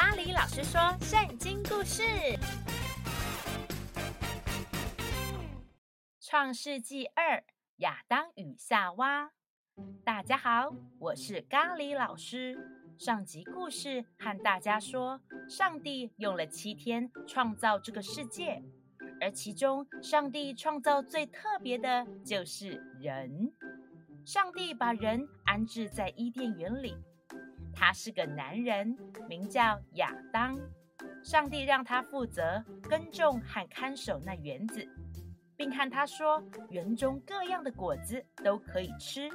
咖哩老師說聖經故事，《創世紀二》亞當與夏娃。大家好，我是咖哩老師。上集故事和大家說，上帝用了七天創造這個世界，而其中上帝創造最特別的就是人。上帝把人安置在伊甸園裡。他是個男人，名叫亞當。上帝讓他負責耕種和看守那園子，並看他說，園中各樣的果子都可以吃，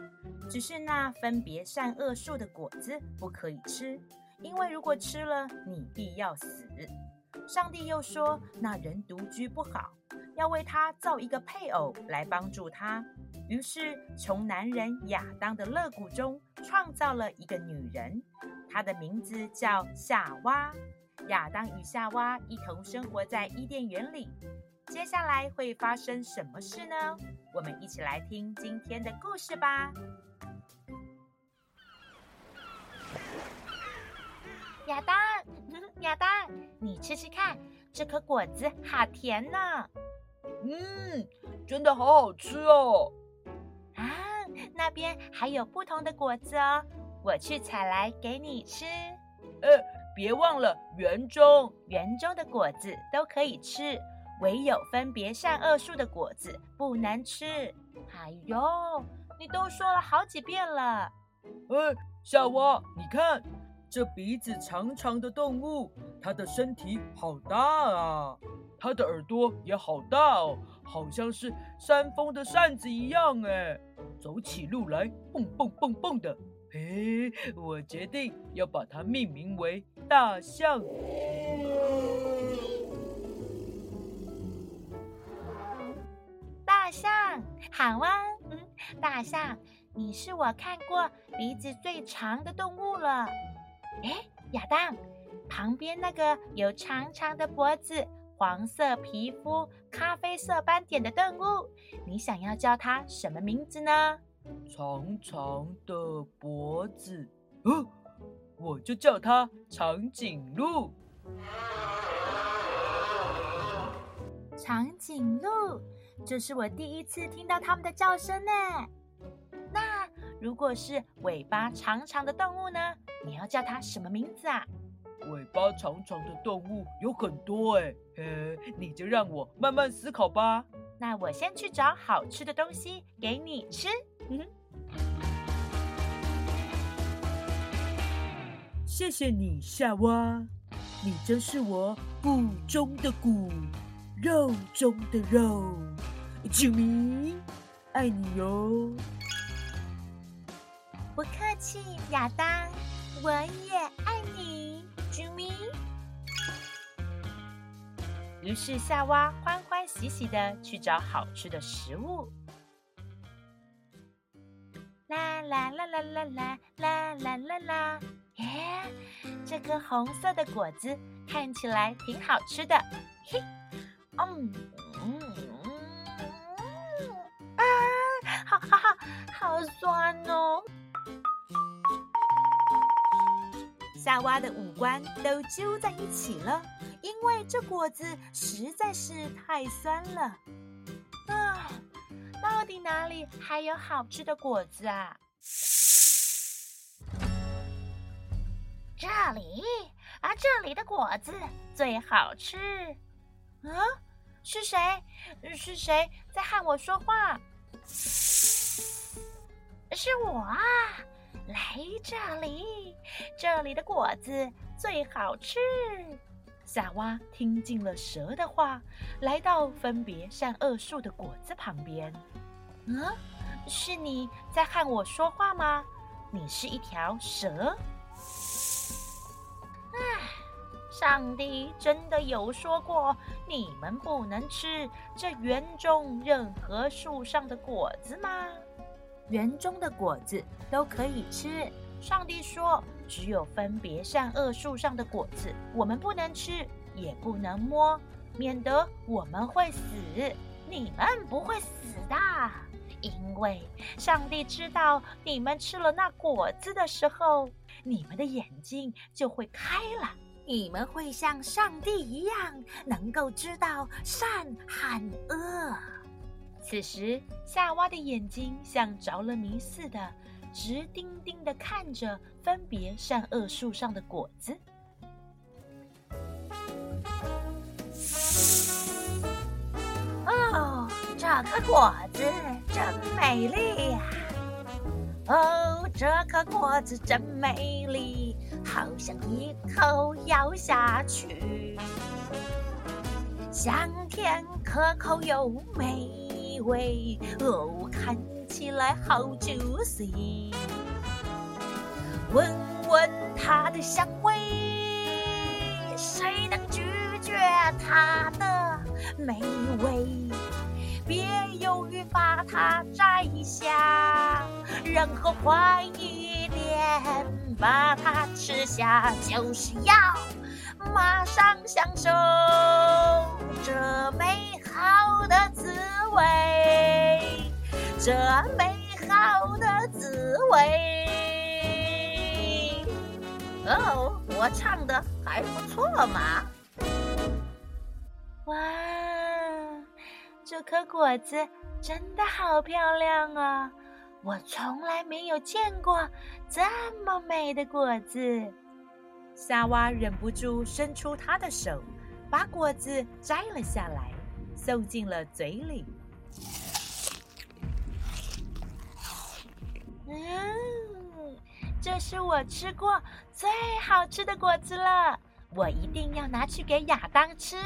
只是那分別善惡樹的果子不可以吃，因為如果吃了，你必要死。上帝又說，那人獨居不好，要為他造一個配偶來幫助他。於是，從男人亞當的肋骨中創造了一個女人，她的名字叫夏娃。亞當與夏娃一同生活在伊甸園裡。接下來會發生什麼事呢？我們一起來聽今天的故事吧。亞當，亞當，你吃吃看，這顆果子好甜呢。嗯，真的好好吃哦。那邊還有不同的果子哦，我去採來給你吃。呃，別忘了園中，園中的果子都可以吃，唯有分別善惡樹的果子不能吃。哎呦，你都說了好幾遍了。哎、呃，小蝸，你看。這鼻子長長的動物，它的身體好大啊！它的耳朵也好大哦，好像是扇風的扇子一樣。哎，走起路來蹦蹦蹦蹦的。嘿、哎，我決定要把它命名為大象。大象，好啊、哦。嗯，大象，你是我看過鼻子最長的動物了。哎，亞當，旁邊那個有長長的脖子、黃色皮膚、咖啡色斑點的動物，你想要叫它什麼名字呢？長長的脖子，哦，我就叫它長頸鹿。長頸鹿，這是我第一次聽到它們的叫聲呢。如果是尾巴長長的動物呢？你要叫它什麼名字啊？尾巴長長的動物有很多哎、欸，呃、欸，你就讓我慢慢思考吧。那我先去找好吃的東西給你吃。嗯哼，謝謝你，夏娃。你真是我骨中的骨，肉中的肉，啾、嗯、咪，Chimmy, 愛你喲、哦。不客氣，亞當，我也愛你，啾咪。於是，夏娃歡歡喜喜的去找好吃的食物。啦啦啦啦啦啦啦啦啦啦！耶，啦啦啦啦啦啦 yeah, 這個紅色的果子看起來挺好吃的。嘿，嗯，嗯嗯嗯啊，好，好好，好酸哦。夏娃的五官都揪在一起了，因為這果子實在是太酸了。啊，到底哪裡還有好吃的果子啊？這裡，啊，這裡的果子最好吃。嗯，啊，是誰？是誰在和我說話？是我啊。來這裡，這裡的果子最好吃。夏娃聽進了蛇的話，來到分別善惡樹的果子旁邊。嗯，是你在和我說話嗎？你是一條蛇。嘶嘶嘶嘶。唉，上帝真的有說過你們不能吃這園中任何樹上的果子嗎？園中的果子都可以吃。上帝說：“只有分別善惡樹上的果子，我們不能吃，也不能摸，免得我們會死。你們不會死的，因為上帝知道你們吃了那果子的時候，你們的眼睛就會開了，你們會像上帝一樣，能夠知道善和惡。”此時，夏娃的眼睛像着了迷似的，直盯盯的看着分別善惡樹上的果子。哦，這顆果子真美麗呀！哦，這顆果子真美麗，好想一口咬下去，香甜可口又美。美味哦，看起來好 juicy，聞聞它的香味，誰能拒絕它的美味？別猶豫，把它摘下，然後快一點把它吃下，就是要馬上享受這美好。好的滋味，這美好的滋味。哦、oh,，我唱得還不錯嘛！哇，這顆果子真的好漂亮啊，哦！我從來沒有見過這麼美的果子。夏娃忍不住伸出她的手，把果子摘了下來。送進了嘴裡。嗯，這是我吃過最好吃的果子了。我一定要拿去給亞當吃。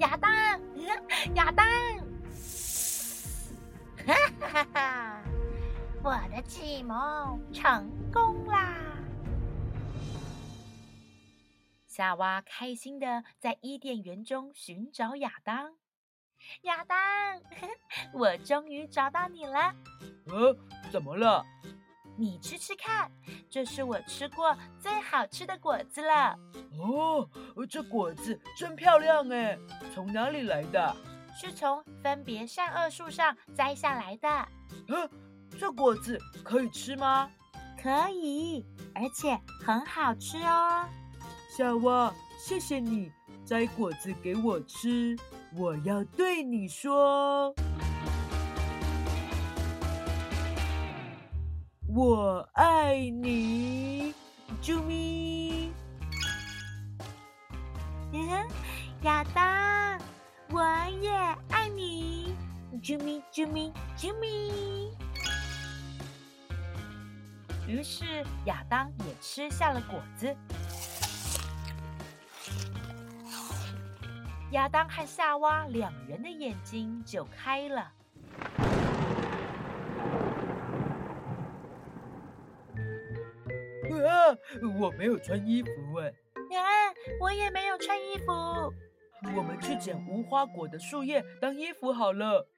亞當，嗯、亞當，哈哈哈！我的計謀成功啦！夏娃開心的在伊甸園中尋找亞當。亞當，我終於找到你了。嗯、啊，怎麼了？你吃吃看，這是我吃過最好吃的果子了。哦，這果子真漂亮哎，從哪裡來的？是從分別善惡樹上摘下來的。嗯、啊，這果子可以吃嗎？可以，而且很好吃哦。夏娃，謝謝你摘果子給我吃。我要對你說，我愛你，啾咪。嗯哼，亞當，我也愛你，啾咪啾咪啾咪。於是亞當也吃下了果子。亞當和夏娃兩人的眼睛就開了。啊！我沒有穿衣服哎。啊！我也沒有穿衣服。我們去撿無花果的樹葉當衣服好了。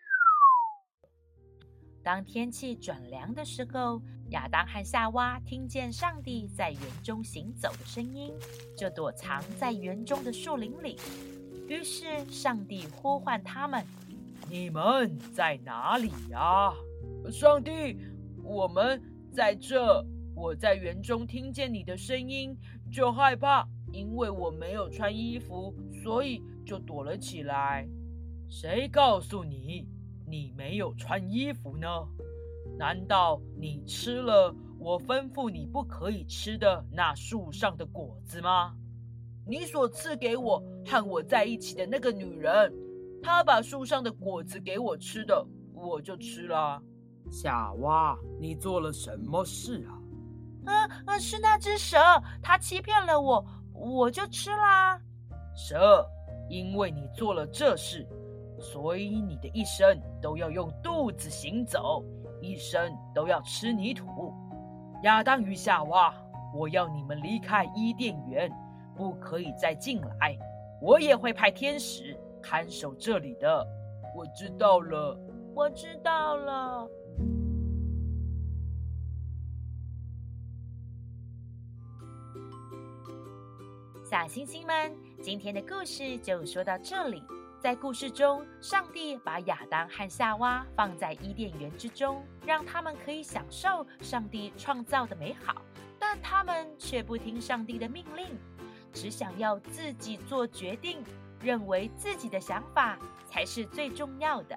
當天氣轉涼的時候，亞當和夏娃聽見上帝在園中行走的聲音，就躲藏在園中的樹林裡。於是，上帝呼喚他們：“你們在哪裡呀？”上帝：“我們在這。我在園中聽見你的聲音，就害怕，因為我沒有穿衣服，所以就躲了起來。”誰告訴你你沒有穿衣服呢？難道你吃了我吩咐你不可以吃的那樹上的果子嗎？你所賜給我和我在一起的那個女人，她把樹上的果子給我吃的，我就吃了。夏娃，你做了什麼事啊？嗯、啊、嗯、啊，是那隻蛇，它欺騙了我，我就吃啦、啊。蛇，因為你做了這事，所以你的一生都要用肚子行走，一生都要吃泥土。亞當與夏娃，我要你們離開伊甸園。不可以再進來，我也會派天使看守這裡的。我知道了，我知道了。小星星們，今天的故事就說到這裡。在故事中，上帝把亞當和夏娃放在伊甸園之中，讓他們可以享受上帝創造的美好，但他們卻不聽上帝的命令。只想要自己做決定，認為自己的想法才是最重要的。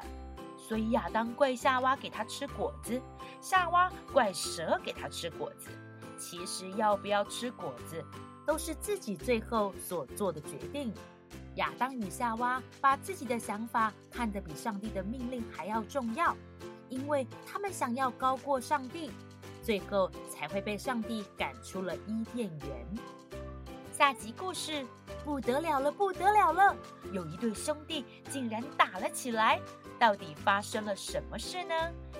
所以亞當怪夏娃給他吃果子，夏娃怪蛇給他吃果子。其實要不要吃果子，都是自己最後所做的決定。亞當與夏娃把自己的想法看得比上帝的命令還要重要，因為他們想要高過上帝，最後才會被上帝趕出了伊甸園。下集故事不得了了，不得了了！有一對兄弟竟然打了起來，到底發生了什麼事呢？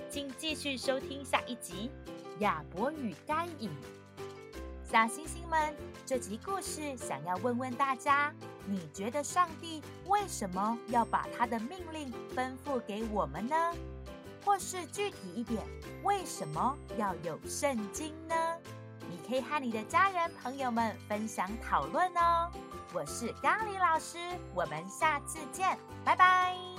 請繼續收聽下一集《亞伯與該隱》。小星星們，這集故事想要問問大家：你覺得上帝為什麼要把他的命令吩咐給我們呢？或是具體一點，為什麼要有聖經呢？可以和你的家人朋友們分享討論哦。我是咖喱老師，我們下次見，拜拜。